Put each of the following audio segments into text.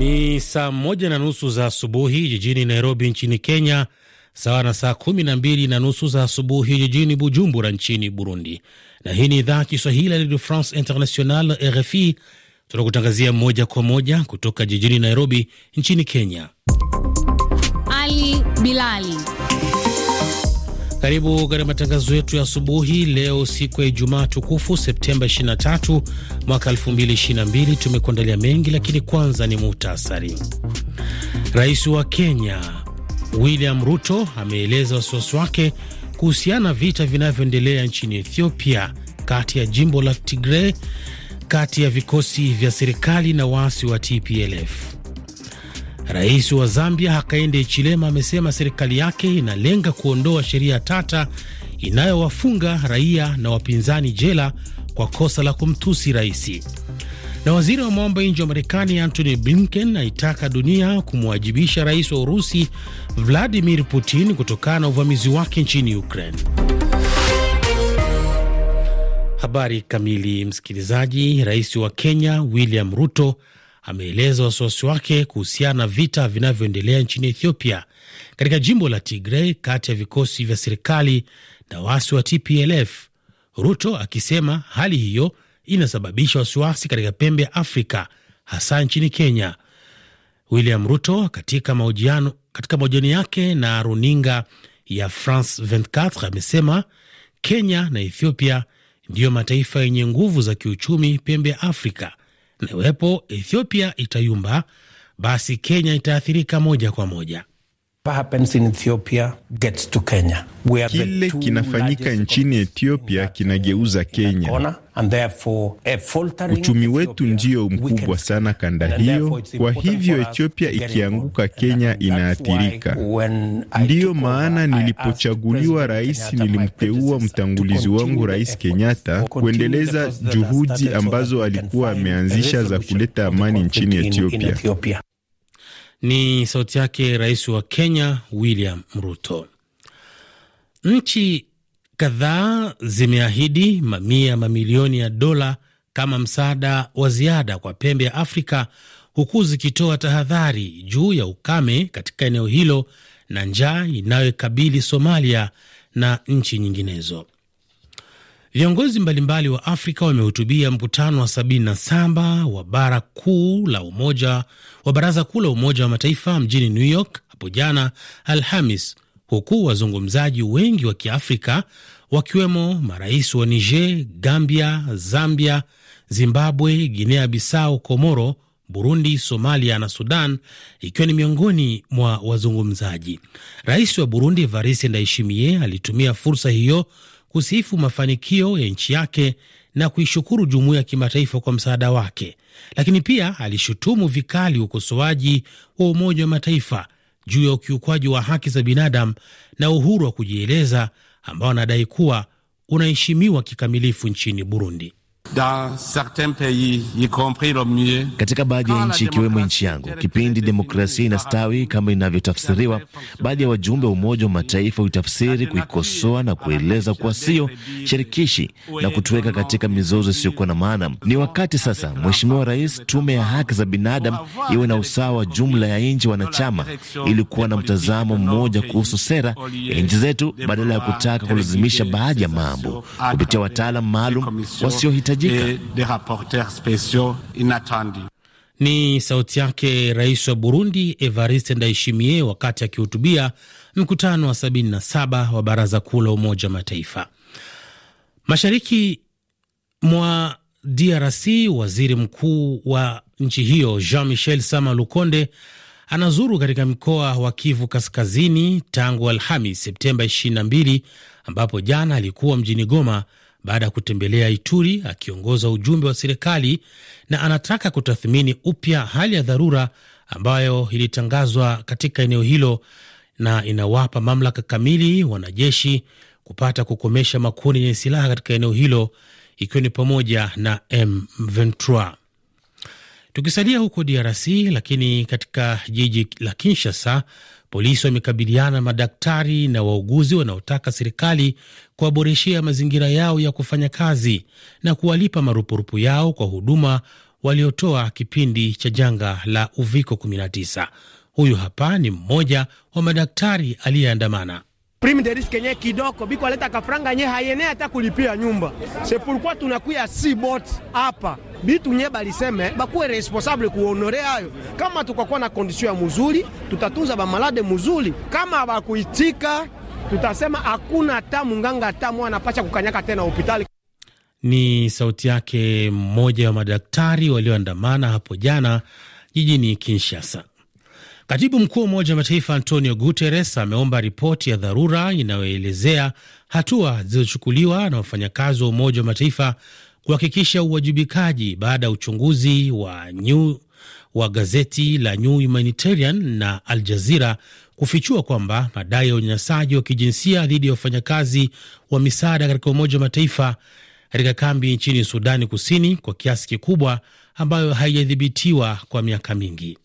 Ni saa moja na nusu za asubuhi jijini Nairobi nchini Kenya, sawa na saa kumi na mbili na nusu za asubuhi jijini Bujumbura nchini Burundi. Na hii ni idhaa ya Kiswahili ya Radio France International, RFI. Tunakutangazia moja kwa moja kutoka jijini Nairobi nchini Kenya. Ali Bilali karibu katika matangazo yetu ya asubuhi leo, siku ya Ijumaa tukufu Septemba 23 mwaka 2022. Tumekuandalia mengi, lakini kwanza ni muhtasari. Rais wa Kenya William Ruto ameeleza wasiwasi wake kuhusiana vita vinavyoendelea nchini Ethiopia kati ya jimbo la Tigray kati ya vikosi vya serikali na waasi wa TPLF. Rais wa Zambia Hakainde Hichilema amesema serikali yake inalenga kuondoa sheria tata inayowafunga raia na wapinzani jela kwa kosa la kumtusi raisi. Na waziri wa mambo ya nje wa Marekani Antony Blinken aitaka dunia kumwajibisha rais wa Urusi Vladimir Putin kutokana na uvamizi wake nchini Ukraine. Habari kamili, msikilizaji. Rais wa Kenya William Ruto ameeleza wasiwasi wake kuhusiana na vita vinavyoendelea nchini Ethiopia katika jimbo la tigrei kati ya vikosi vya serikali na waasi wa TPLF, Ruto akisema hali hiyo inasababisha wasiwasi katika pembe ya Afrika hasa nchini Kenya. William Ruto katika mahojiano katika mahojiano yake na runinga ya France 24 amesema Kenya na Ethiopia ndiyo mataifa yenye nguvu za kiuchumi pembe ya Afrika na iwapo Ethiopia itayumba, basi Kenya itaathirika moja kwa moja. Kile kinafanyika nchini Ethiopia uh, kinageuza Kenya. Uchumi wetu ndio mkubwa sana kanda hiyo, kwa hivyo Ethiopia ikianguka, Kenya inaathirika. Ndiyo maana nilipochaguliwa rais, nilimteua mtangulizi wangu Rais Kenyatta kuendeleza juhudi ambazo alikuwa ameanzisha za kuleta amani nchini Ethiopia. Ni sauti yake rais wa Kenya William Ruto. Nchi kadhaa zimeahidi mamia mamilioni ya dola kama msaada wa ziada kwa pembe ya Afrika, huku zikitoa tahadhari juu ya ukame katika eneo hilo na njaa inayokabili Somalia na nchi nyinginezo. Viongozi mbalimbali wa Afrika wamehutubia mkutano wa 77 wa bara kuu la umoja wa baraza kuu la Umoja wa Mataifa mjini New York hapo jana Alhamis, huku wazungumzaji wengi wa Kiafrika wakiwemo marais wa Niger, Gambia, Zambia, Zimbabwe, Guinea Bissau, Komoro, Burundi, Somalia na Sudan ikiwa ni miongoni mwa wazungumzaji. Rais wa Burundi Evariste Ndayishimiye alitumia fursa hiyo kusifu mafanikio ya nchi yake na kuishukuru jumuiya ya kimataifa kwa msaada wake, lakini pia alishutumu vikali ukosoaji wa Umoja wa Mataifa juu ya ukiukwaji wa haki za binadamu na uhuru wa kujieleza ambao anadai kuwa unaheshimiwa kikamilifu nchini Burundi. Katika baadhi ya nchi ikiwemo nchi yangu, kipindi demokrasia inastawi kama inavyotafsiriwa, baadhi ya wajumbe wa Umoja wa Mataifa huitafsiri kuikosoa na kueleza kuwa sio shirikishi na kutuweka katika mizozo isiyokuwa na maana. Ni wakati sasa, Mheshimiwa Rais, tume ya haki za binadamu iwe na usawa wa jumla ya nchi wanachama ili kuwa na mtazamo mmoja kuhusu sera ya nchi zetu, badala ya kutaka kulazimisha baadhi ya mambo kupitia wataalam maalum wasiohitaji inahitajika. Eh, Ni sauti yake Rais wa Burundi Evariste Ndayishimiye wakati akihutubia mkutano wa 77 wa Baraza Kuu la Umoja wa Mataifa. Mashariki mwa DRC, waziri mkuu wa nchi hiyo Jean Michel Sama Lukonde anazuru katika mkoa wa Kivu Kaskazini tangu Alhamis Septemba 22, ambapo jana alikuwa mjini Goma baada ya kutembelea Ituri akiongoza ujumbe wa serikali na anataka kutathmini upya hali ya dharura ambayo ilitangazwa katika eneo hilo na inawapa mamlaka kamili wanajeshi kupata kukomesha makundi yenye silaha katika eneo hilo ikiwa ni pamoja na M23. Tukisalia huko DRC, lakini katika jiji la Kinshasa Polisi wamekabiliana na madaktari na wauguzi wanaotaka serikali kuwaboreshea mazingira yao ya kufanya kazi na kuwalipa marupurupu yao kwa huduma waliotoa kipindi cha janga la Uviko 19. Huyu hapa ni mmoja wa madaktari aliyeandamana prime kidoko biko aleta kafranga nye hayene hata kulipia nyumba sepulkwa tunakuya si bot hapa bitu nye baliseme bakuwe responsable kuonore ayo. Kama tukakuwa na kondisio ya muzuri, tutatunza bamalade muzuri. Kama bakuitika, tutasema hakuna hata munganga hata anapacha kukanyaka tena hospitali. Ni sauti yake mmoja wa madaktari walioandamana hapo jana jijini Kinshasa. Katibu mkuu wa Umoja wa Mataifa Antonio Guterres ameomba ripoti ya dharura inayoelezea hatua zilizochukuliwa na wafanyakazi wa Umoja wa Mataifa kuhakikisha uwajibikaji baada ya uchunguzi wa New, wa gazeti la New Humanitarian na Al Jazeera kufichua kwamba madai ya unyanyasaji wa kijinsia dhidi ya wafanyakazi wa misaada katika Umoja wa Mataifa katika kambi nchini Sudani Kusini kwa kiasi kikubwa ambayo haijadhibitiwa kwa miaka mingi.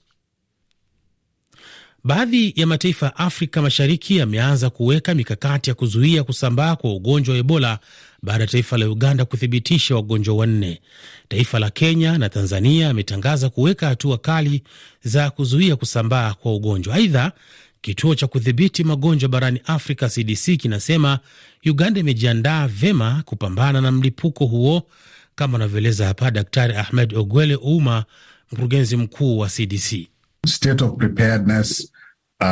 Baadhi ya mataifa ya Afrika Mashariki yameanza kuweka mikakati ya kuzuia kusambaa kwa ugonjwa wa Ebola baada ya taifa la Uganda kuthibitisha wagonjwa wanne. Taifa la Kenya na Tanzania ametangaza kuweka hatua kali za kuzuia kusambaa kwa ugonjwa. Aidha, kituo cha kudhibiti magonjwa barani Afrika CDC kinasema Uganda imejiandaa vyema kupambana na mlipuko huo, kama anavyoeleza hapa Daktari Ahmed Ogwele uma mkurugenzi mkuu wa CDC. State of preparedness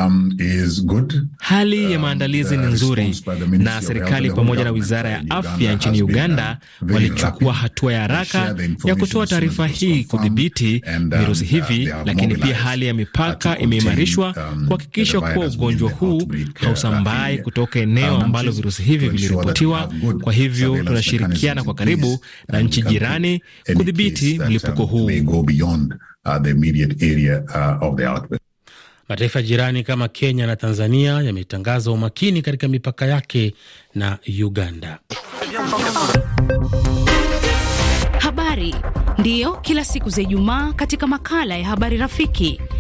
Um, is good. Hali ya um, maandalizi ni nzuri na serikali pamoja na wizara ya afya nchini uh, Uganda walichukua hatua ya haraka ya kutoa taarifa hii kudhibiti uh, virusi uh, hivi, lakini pia hali ya mipaka imeimarishwa um, kuhakikisha kuwa ugonjwa huu hausambai kutoka um, eneo ambalo virusi hivi viliripotiwa. Kwa hivyo tunashirikiana kwa karibu na nchi jirani kudhibiti mlipuko huu. Mataifa jirani kama Kenya na Tanzania yametangaza umakini katika mipaka yake na Uganda. Habari ndiyo kila siku za Ijumaa katika makala ya Habari Rafiki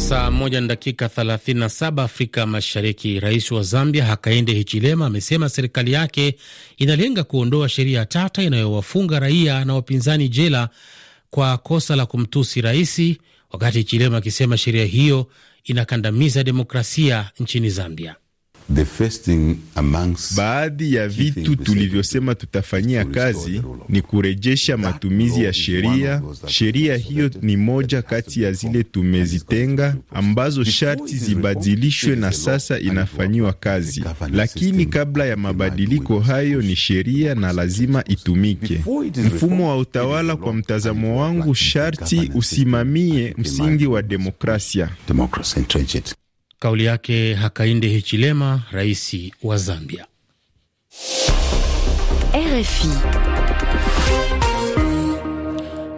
Saa moja na dakika 37 Afrika Mashariki. Rais wa Zambia Hakainde Hichilema amesema serikali yake inalenga kuondoa sheria tata inayowafunga raia na wapinzani jela kwa kosa la kumtusi raisi, wakati Hichilema akisema sheria hiyo inakandamiza demokrasia nchini Zambia. The first thing amongst baadhi ya vitu tulivyosema tutafanyia kazi ni kurejesha matumizi ya sheria. Sheria hiyo ni moja kati ya zile tumezitenga ambazo sharti zibadilishwe na sasa inafanyiwa kazi, lakini kabla ya mabadiliko hayo ni sheria na lazima itumike. Mfumo wa utawala, kwa mtazamo wangu, sharti usimamie msingi wa demokrasia. Kauli yake Hakainde Hichilema, rais wa Zambia. RFI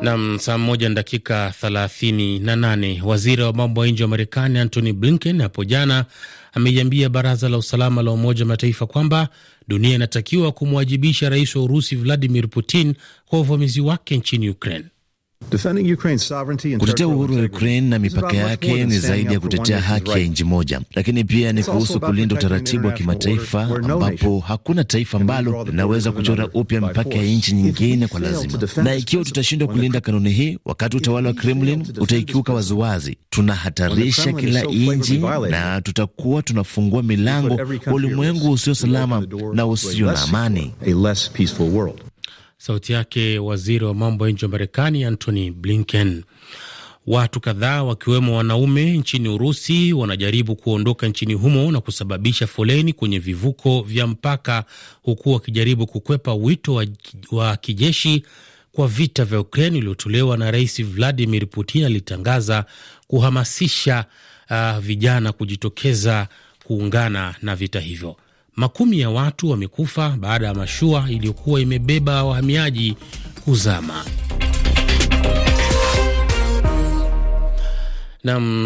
nam saa moja na dakika 38. Na waziri wa mambo ya nje wa Marekani Antony Blinken hapo jana ameiambia baraza la usalama la Umoja wa Mataifa kwamba dunia inatakiwa kumwajibisha rais wa Urusi Vladimir Putin kwa uvamizi wake nchini Ukraine. Kutetea uhuru wa Ukraine na mipaka yake ni zaidi ya kutetea haki ya nchi moja, lakini pia ni kuhusu kulinda utaratibu wa kimataifa ambapo hakuna taifa ambalo linaweza kuchora upya mipaka ya nchi nyingine kwa lazima. Na ikiwa tutashindwa kulinda kanuni hii, wakati utawala wa Kremlin utaikiuka waziwazi, tunahatarisha kila nchi na tutakuwa tunafungua milango wa ulimwengu usio salama na usio na amani. Sauti yake waziri wa mambo ya nje wa Marekani Antony Blinken. Watu kadhaa wakiwemo wanaume nchini Urusi wanajaribu kuondoka nchini humo na kusababisha foleni kwenye vivuko vya mpaka, huku wakijaribu kukwepa wito wa, kijeshi kwa vita vya Ukraine uliotolewa na Rais Vladimir Putin alitangaza kuhamasisha uh, vijana kujitokeza kuungana na vita hivyo. Makumi ya watu wamekufa baada ya mashua iliyokuwa imebeba wahamiaji kuzama. Nam